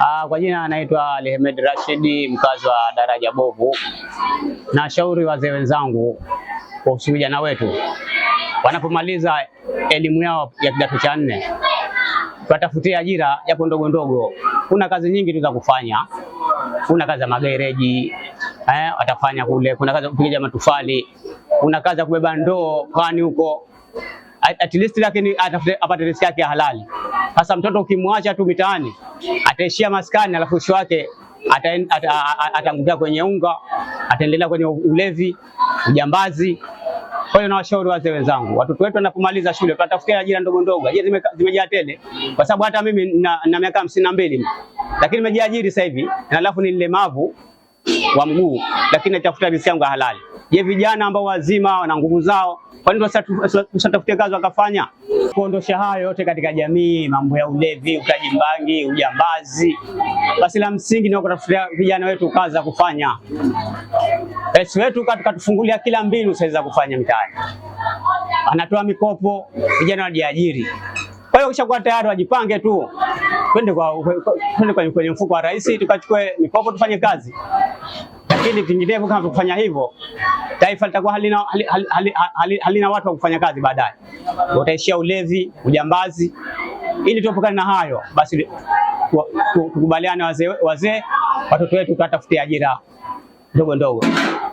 Ah, kwa jina anaitwa Alihmed Rashidi, mkazi wa daraja Bovu. Na shauri wazee wenzangu kuhusu vijana wetu wanapomaliza elimu yao ya kidato cha nne, watafutie ajira japo ndogo ndogo. Kuna kazi nyingi tu za kufanya, kuna kazi za magereji eh, watafanya kule, kuna kazi ya kupiga matofali, kuna kazi ya kubeba ndoo kwani huko at least lakini apate riziki yake ya halali. Sasa mtoto ukimwacha tu mitaani ataishia maskani, alafu kesho wake ataangukia kwenye unga, ataendelea kwenye ulevi, ujambazi. Kwa hiyo nawashauri wazee wenzangu, watoto wetu wanapomaliza shule tunatafutia ajira ndogo ndogo, ajira zimejaa tele, kwa sababu hata mimi na miaka hamsini na mbili lakini nimejiajiri sasa hivi, na alafu ni mlemavu wa mguu, lakini atafuta riziki yangu halali. Je, vijana ambao wazima wana nguvu zao, kwa nini wasitafute kazi wakafanya? Kuondosha hayo yote katika jamii, mambo ya ulevi, utaji mbangi, ujambazi, basi la msingi ni kutafutia vijana wetu kazi za kufanya. Rais wetu katufungulia kila mbinu sasa za kufanya mtaani, anatoa mikopo, vijana wajiajiri. Kwa hiyo kishakuwa tayari wajipange tu twende kwa, kwenye mfuko wa rais tukachukue mikopo tufanye kazi, lakini vinginevyo kama tukufanya hivyo taifa litakuwa halina, halina, halina, halina, halina watu wa kufanya kazi, baadaye utaishia ulevi, ujambazi. Ili tuepukane na hayo, basi tukubaliane wazee, wazee watoto wetu tukatafutia ajira ndogo ndogo.